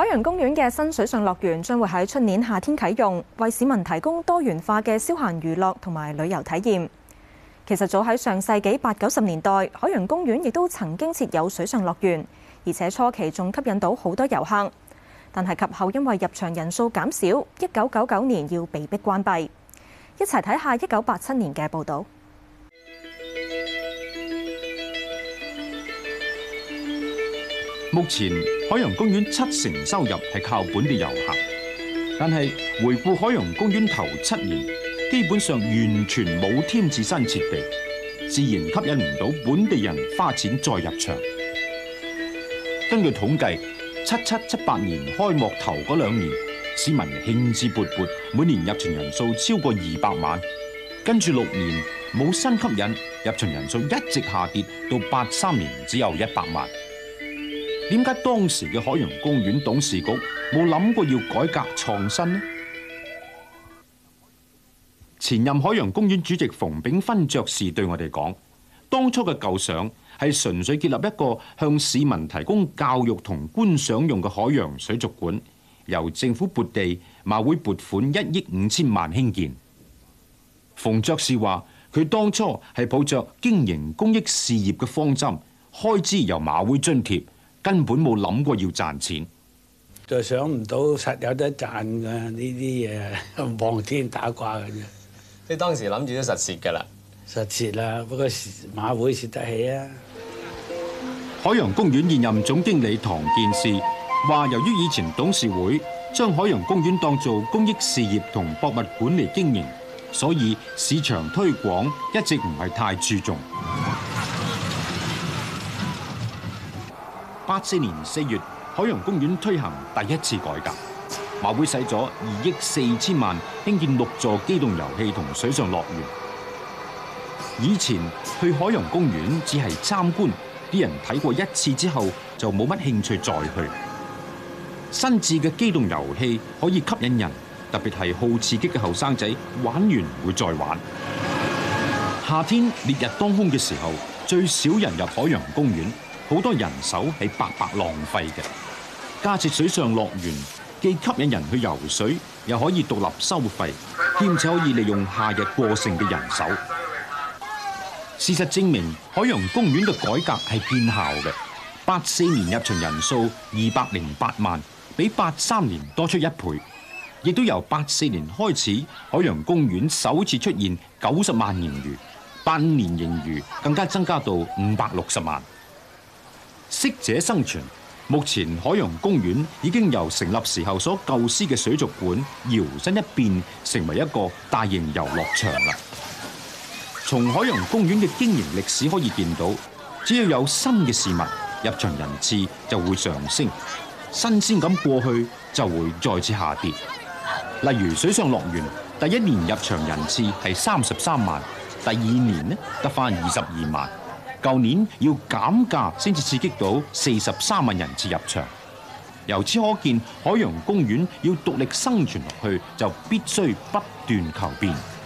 海洋公園嘅新水上樂園將會喺出年夏天啟用，為市民提供多元化嘅消閒娛樂同埋旅遊體驗。其實早喺上世紀八九十年代，海洋公園亦都曾經設有水上樂園，而且初期仲吸引到好多遊客。但係及後因為入場人數減少，一九九九年要被迫關閉。一齊睇下一九八七年嘅報導。目前海洋公園七成收入係靠本地遊客，但係回顧海洋公園頭七年，基本上完全冇添置新設備，自然吸引唔到本地人花錢再入場。根據統計，七七七八年開幕頭嗰兩年，市民興致勃勃，每年入場人數超過二百萬。跟住六年冇新吸引，入場人數一直下跌到八三年只有一百萬。點解當時嘅海洋公園董事局冇諗過要改革創新呢？前任海洋公園主席馮炳芬爵士對我哋講，當初嘅舊想係純粹建立一個向市民提供教育同觀賞用嘅海洋水族館，由政府撥地、馬會撥款一億五千萬興建。馮爵士話佢當初係抱着經營公益事業嘅方針，開支由馬會津貼。根本冇諗過要賺錢，就想唔到實有得賺噶，呢啲嘢，望天打卦嘅啫。你當時諗住都實蝕噶啦，實蝕啦，不過馬會蝕得起啊。海洋公園現任總經理唐建士話，由於以前董事會將海洋公園當做公益事業同博物館嚟經營，所以市場推廣一直唔係太注重。八四年四月，海洋公園推行第一次改革，馬會使咗二億四千萬興建六座機動遊戲同水上樂園。以前去海洋公園只係參觀，啲人睇過一次之後就冇乜興趣再去。新置嘅機動遊戲可以吸引人，特別係好刺激嘅後生仔玩完會再玩。夏天烈日當空嘅時候，最少人入海洋公園。好多人手係白白浪費嘅。加設水上樂園，既吸引人去游水，又可以獨立收費，兼且可以利用夏日過剩嘅人手。事實證明，海洋公園嘅改革係見效嘅。八四年入場人數二百零八萬，比八三年多出一倍，亦都由八四年開始，海洋公園首次出現九十萬盈餘，八五年盈餘更加增加到五百六十萬。適者生存。目前海洋公園已經由成立時候所構思嘅水族館搖身一變，成為一個大型遊樂場啦。從海洋公園嘅經營歷史可以見到，只要有新嘅事物，入場人次就會上升；新鮮感過去，就會再次下跌。例如水上樂園，第一年入場人次係三十三萬，第二年呢，得返二十二萬。舊年要減價先至刺激到四十三萬人次入場，由此可見，海洋公園要獨立生存落去，就必須不斷求變。